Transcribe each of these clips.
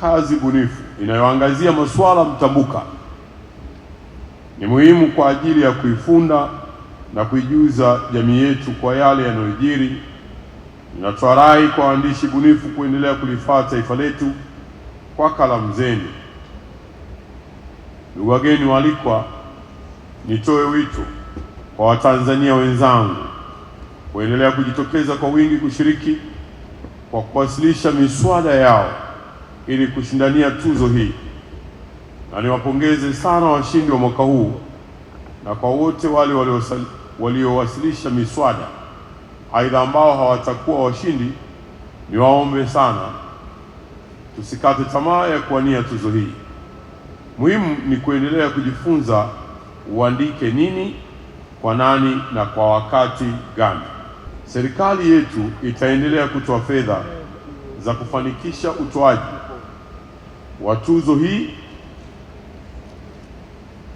kazi bunifu inayoangazia masuala mtambuka ni muhimu kwa ajili ya kuifunda na kuijuza jamii yetu kwa yale yanayojiri. inatoa rai kwa waandishi bunifu kuendelea kulifaa taifa letu kwa kalamu zenu. Ndugu wageni waalikwa, nitoe wito kwa Watanzania wenzangu kuendelea kujitokeza kwa wingi kushiriki kwa kuwasilisha miswada yao ili kushindania tuzo hii, na niwapongeze sana washindi wa mwaka huu na kwa wote wale waliowasilisha miswada. Aidha, ambao hawatakuwa washindi, niwaombe sana tusikate tamaa ya kuwania tuzo hii. Muhimu ni kuendelea kujifunza uandike nini, kwa nani na kwa wakati gani. Serikali yetu itaendelea kutoa fedha za kufanikisha utoaji wa tuzo hii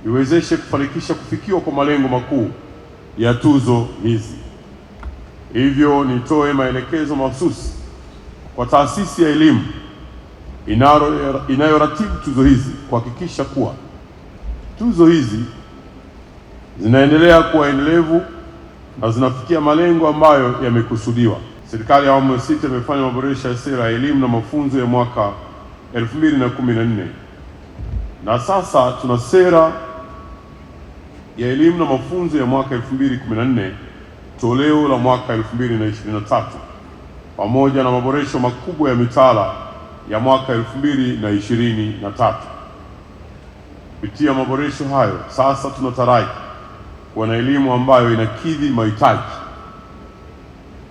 iwezeshe kufanikisha kufikiwa kwa malengo makuu ya tuzo hizi. Hivyo nitoe maelekezo mahususi kwa taasisi ya elimu inayoratibu tuzo hizi kuhakikisha kuwa tuzo hizi zinaendelea kuwa endelevu na zinafikia malengo ambayo yamekusudiwa. Serikali ya awamu ya sita imefanya maboresho ya sera ya elimu na mafunzo ya mwaka 2014 na sasa tuna sera ya elimu na mafunzo ya mwaka 2014 toleo la mwaka 2023 pamoja na maboresho makubwa ya mitaala ya mwaka 2023. Kupitia maboresho hayo, sasa tunataraji kuwa na elimu ambayo inakidhi mahitaji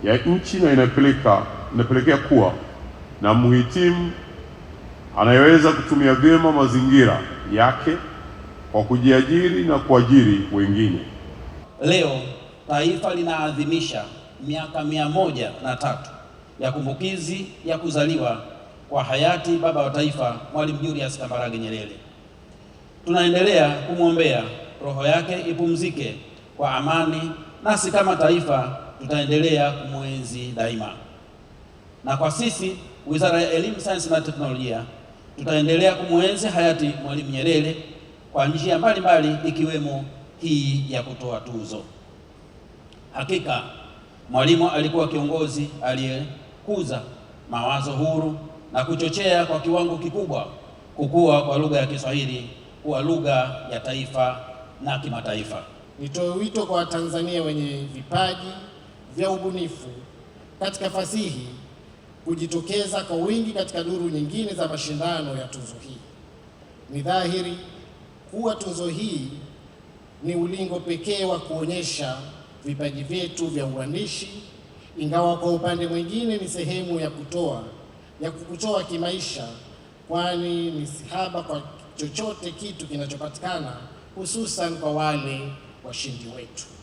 ya nchi na inapeleka inapelekea kuwa na mhitimu anayeweza kutumia vyema mazingira yake kwa kujiajiri na kuajiri wengine. Leo taifa linaadhimisha miaka mia moja na tatu ya kumbukizi ya kuzaliwa kwa hayati baba wa taifa Mwalimu Julius Kambarage Nyerere. Tunaendelea kumwombea roho yake ipumzike kwa amani, nasi kama taifa tutaendelea kumwenzi daima. Na kwa sisi Wizara ya Elimu, Sayansi na Teknolojia Tutaendelea kumwenzi hayati Mwalimu Nyerere kwa njia mbalimbali ikiwemo hii ya kutoa tuzo. Hakika Mwalimu alikuwa kiongozi aliyekuza mawazo huru na kuchochea kwa kiwango kikubwa kukua kwa lugha ya Kiswahili kuwa lugha ya taifa na kimataifa. Nitoe wito kwa Watanzania wenye vipaji vya ubunifu katika fasihi kujitokeza kwa wingi katika duru nyingine za mashindano ya tuzo hii. Ni dhahiri kuwa tuzo hii ni ulingo pekee wa kuonyesha vipaji vyetu vya uandishi, ingawa kwa upande mwingine ni sehemu ya kutoa ya kukutoa kimaisha, kwani ni sihaba kwa chochote kitu kinachopatikana, hususan kwa wale washindi wetu.